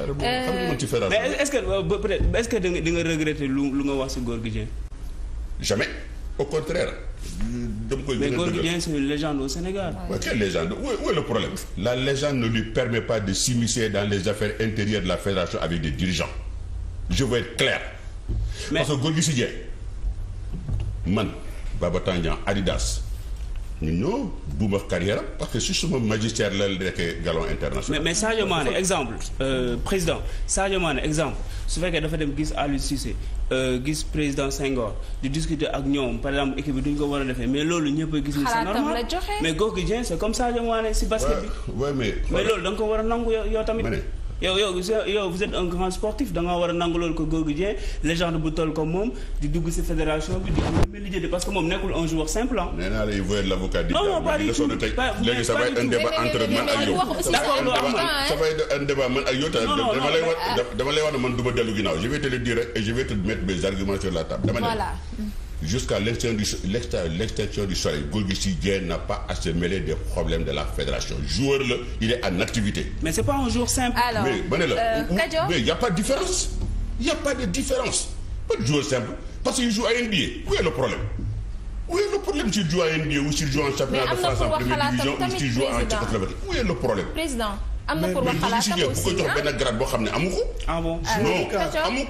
Euh, xam nga ci mais est-ce que euh, peut-être est-ce que di nga di nga regretter lu lu nga wax si Gorgui Dieng. jamais au contraire. mais Gorgui Dieng c'est une Sénégal. waaw quelle légende où est, où le problème. la légende ne lui permet pas de s'immiscer dans les affaires intérieures de la fédération avec des dirigeants. je veux être parce que Gorgui Dieng man Baba Tandian Adidas. ñu ñoo buuma carrière parce que justement magistère la nekk galon international. mais mais Sadio Mané exemple euh, président Sadio exemple su fekkee dafa dem gis Aliou Cissé euh, gis président Senghor di discuter ak ñoom par exemple équipe bi duñ ko war a defee mais loolu ñëpp a gis. ni c'est normal mais Gorgui Dieng c'est comme Sadio si basket bi. mais. loolu da ko war a nangu yoo tamit. yow yow yow vous êtes un grand sportif da war a nangu loolu ko Gorgui Dieng légende bu toll ko moom di dugg ci fédération bi di am lu mel parce que moom nekkul un joueur simple ah. nee naa la il veut être l'avocat du diable. non non pas du tout léegi entre man ak yow. ça dama lay wax man du dellu ginnaaw je vais te le dire et je vais te mettre mes arguments sur la dama ne jusqu'à l'extinction du soleil Gorgui Sy Dieng n'a pas à se mêler des problèmes de la fédération joueur la il est en activité. mais c'est pas un jour simple. alors mais ma la euh, mais y a pas de différence y a pas de différence pas joueur simple parce qu'il joue à NBA où est le problème. où est le problème s'il joue à NBA ou s'il joue en championnat de France en première division ou s'il joue en Tchécoslovaquie boo xam ne amu